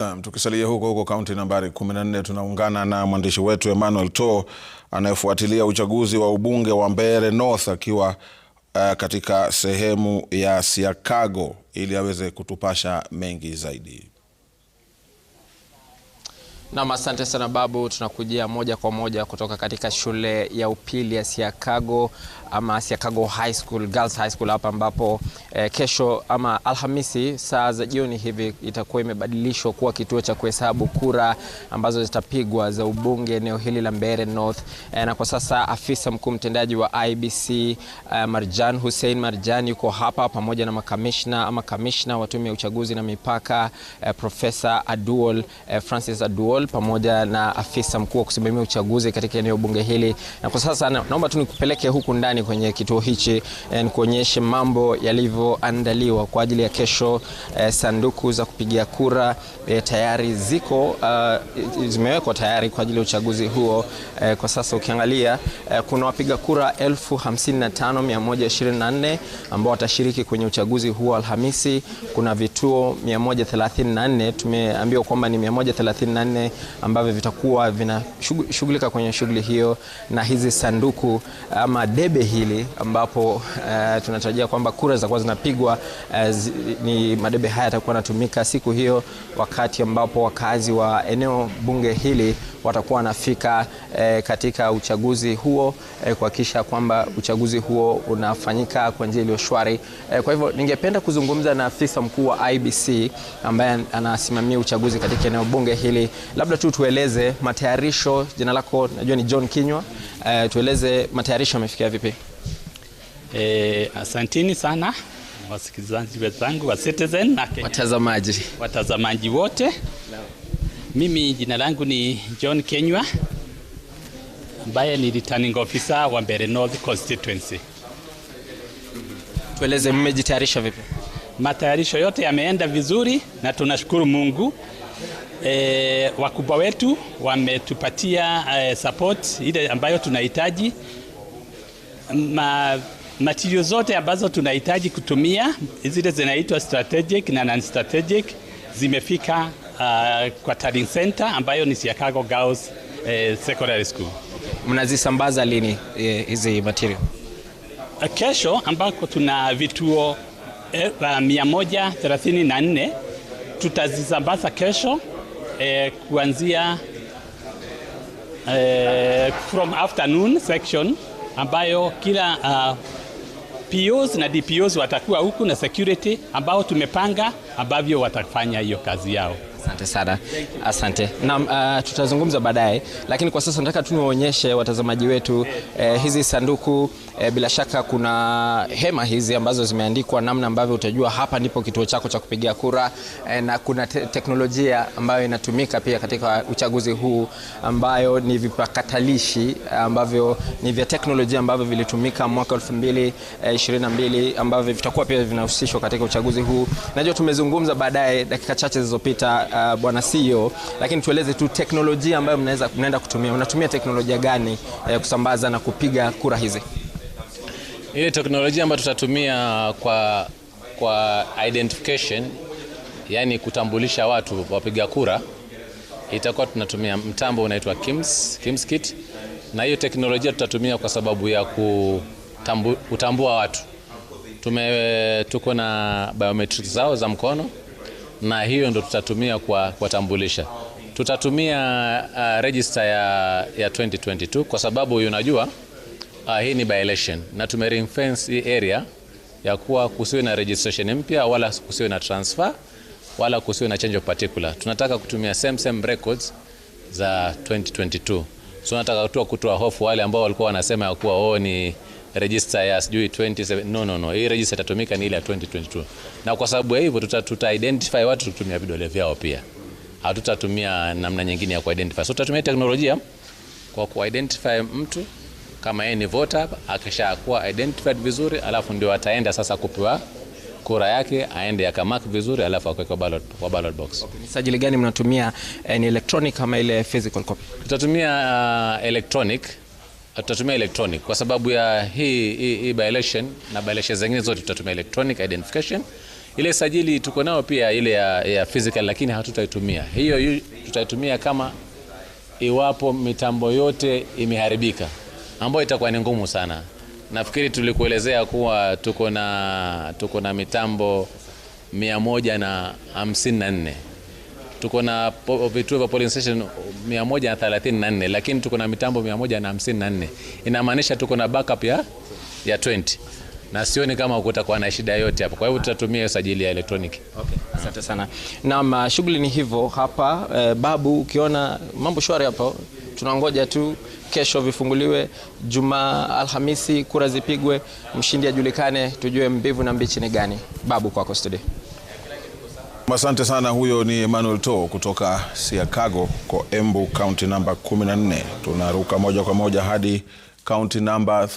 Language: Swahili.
Naam, tukisalia huko huko kaunti nambari 14 tunaungana na mwandishi wetu Emmanuel To anayefuatilia uchaguzi wa ubunge wa Mbeere North akiwa uh, katika sehemu ya Siakago ili aweze kutupasha mengi zaidi. Nam, asante sana Babu. Tunakujia moja kwa moja kutoka katika shule ya upili ya Siakago ama Siakago High School, Girls High School hapa ambapo eh, kesho ama Alhamisi saa za jioni hivi itakuwa imebadilishwa kuwa kituo cha kuhesabu kura ambazo zitapigwa za ubunge eneo hili la Mbeere North. Eh, na kwa sasa afisa mkuu mtendaji wa IBC eh, Marjan Hussein Marjan yuko hapa pamoja na makamishna ama kamishna wa tume ya uchaguzi na mipaka eh, Profesa Aduol eh, Francis Aduol Paul pamoja na afisa mkuu wa kusimamia uchaguzi katika eneo bunge hili, na kwa sasa naomba tu nikupeleke huku ndani kwenye kituo hichi eh, nikuonyeshe mambo yalivyoandaliwa kwa ajili ya kesho. Eh, sanduku za kupigia kura eh, tayari ziko uh, zimewekwa tayari kwa ajili ya uchaguzi huo. Eh, kwa sasa ukiangalia eh, kuna wapiga kura 55124 ambao watashiriki kwenye uchaguzi huo Alhamisi. Kuna vituo 134 tumeambiwa kwamba ni 134 gani ambavyo vitakuwa vinashughulika kwenye shughuli hiyo, na hizi sanduku ama debe hili ambapo uh, tunatarajia kwamba kura zitakuwa zinapigwa uh, zi, ni madebe haya yatakuwa yanatumika siku hiyo, wakati ambapo wakazi wa eneo bunge hili watakuwa wanafika eh, katika uchaguzi huo eh, kuhakikisha kwamba uchaguzi huo unafanyika kwa njia iliyo shwari. Eh, kwa hivyo ningependa kuzungumza na afisa mkuu wa IBC ambaye anasimamia uchaguzi katika eneo bunge hili labda tu tueleze matayarisho. Jina lako najua ni John Kinywa. Uh, tueleze matayarisho yamefikia vipi? E, eh, asantini sana wasikilizaji wenzangu wa Citizen na watazamaji watazamaji wote no. Mimi jina langu ni John Kenywa ambaye ni returning officer wa Mbeere North constituency. Tueleze mmejitayarisha vipi? Matayarisho yote yameenda vizuri na tunashukuru Mungu E, wakubwa wetu wametupatia e, support ile ambayo tunahitaji, ma material zote ambazo tunahitaji kutumia zile zinaitwa strategic na non strategic zimefika uh, kwa Taryn Center ambayo ni Siakago Girls uh, Secondary School. Mnazisambaza lini hizi uh, material? Kesho ambako tuna vituo uh, 134 tutazisambaza kesho eh, kuanzia eh, from afternoon section ambayo kila uh, ah, POs na DPOs watakuwa huku na security ambao tumepanga ambavyo watafanya hiyo kazi yao. Asante sana, asante na Uh, tutazungumza baadaye, lakini kwa sasa nataka tu niwaonyeshe watazamaji wetu eh, hizi sanduku eh, bila shaka kuna hema hizi ambazo zimeandikwa namna ambavyo utajua hapa ndipo kituo chako cha kupigia kura eh, na kuna te teknolojia ambayo inatumika pia katika uchaguzi huu ambayo ni vipakatalishi ambavyo ni vya teknolojia ambavyo vilitumika mwaka 2022 eh, ambavyo vitakuwa pia vinahusishwa katika uchaguzi huu. Najua tumezungumza baadaye dakika chache zilizopita uh, bwana CEO, lakini tueleze tu teknolojia ambayo mnaweza mnaenda kutumia. Mnatumia teknolojia gani uh, kusambaza na kupiga kura hizi? Ile teknolojia ambayo tutatumia kwa, kwa identification, yani kutambulisha watu wapiga kura, itakuwa tunatumia mtambo unaitwa KIMS, KIMS kit, na hiyo teknolojia tutatumia kwa sababu ya kutambua watu tume, tuko na biometrics zao za mkono na hiyo ndo tutatumia kwa kuwatambulisha. Tutatumia uh, register ya, ya 2022 kwa sababu unajua uh, hii ni by election na tume hii area ya kuwa kusiwe na registration mpya wala kusiwe na transfer wala kusiwe na change of particular. Tunataka kutumia same same records za 2022. So nataka tu kutoa hofu wale ambao walikuwa wanasema ya kuwa oh, ni register ya sijui 27 no, no, no. Hii register itatumika ni ile ya 2022, na kwa sababu ya hivyo tuta, tuta identify watu tutumia vidole vyao pia, hatutatumia namna nyingine ya kuidentify. So tutatumia teknolojia kwa kuidentify mtu kama yeye ni voter, akishakuwa identified vizuri, alafu ndio ataenda sasa kupewa kura yake aende akamark vizuri alafu akaweka ballot, kwa ballot box. Okay, sajili gani mnatumia? Eh, ni electronic ama ile physical copy? Tutatumia uh, electronic tutatumia electronic kwa sababu ya hii hii, hii by election na by election zingine zote tutatumia electronic identification. Ile sajili tuko nayo pia ile ya, ya physical, lakini hatutaitumia hiyo, tutaitumia kama iwapo mitambo yote imeharibika, ambayo itakuwa ni ngumu sana. Nafikiri tulikuelezea kuwa tuko na tuko na mitambo mia moja na hamsini na nne tuko na vituo vya polling station 134 lakini tuko na mitambo 154 inamaanisha tuko na backup ya, ya 20 na sioni kama kutakuwa na shida yote hapo. Kwa hivyo tutatumia usajili ya electronic. Okay. Asante sana. Naam, ah, shughuli ni hivyo hapa e, Babu, ukiona mambo shwari hapo, tunangoja tu kesho vifunguliwe, Jumaa, Alhamisi kura zipigwe, mshindi ajulikane, tujue mbivu na mbichi ni gani. Babu, kwako studio. Asante sana. Huyo ni Emmanuel To kutoka Siakago kwa Embu, kaunti namba 14. Tunaruka moja kwa moja hadi kaunti namba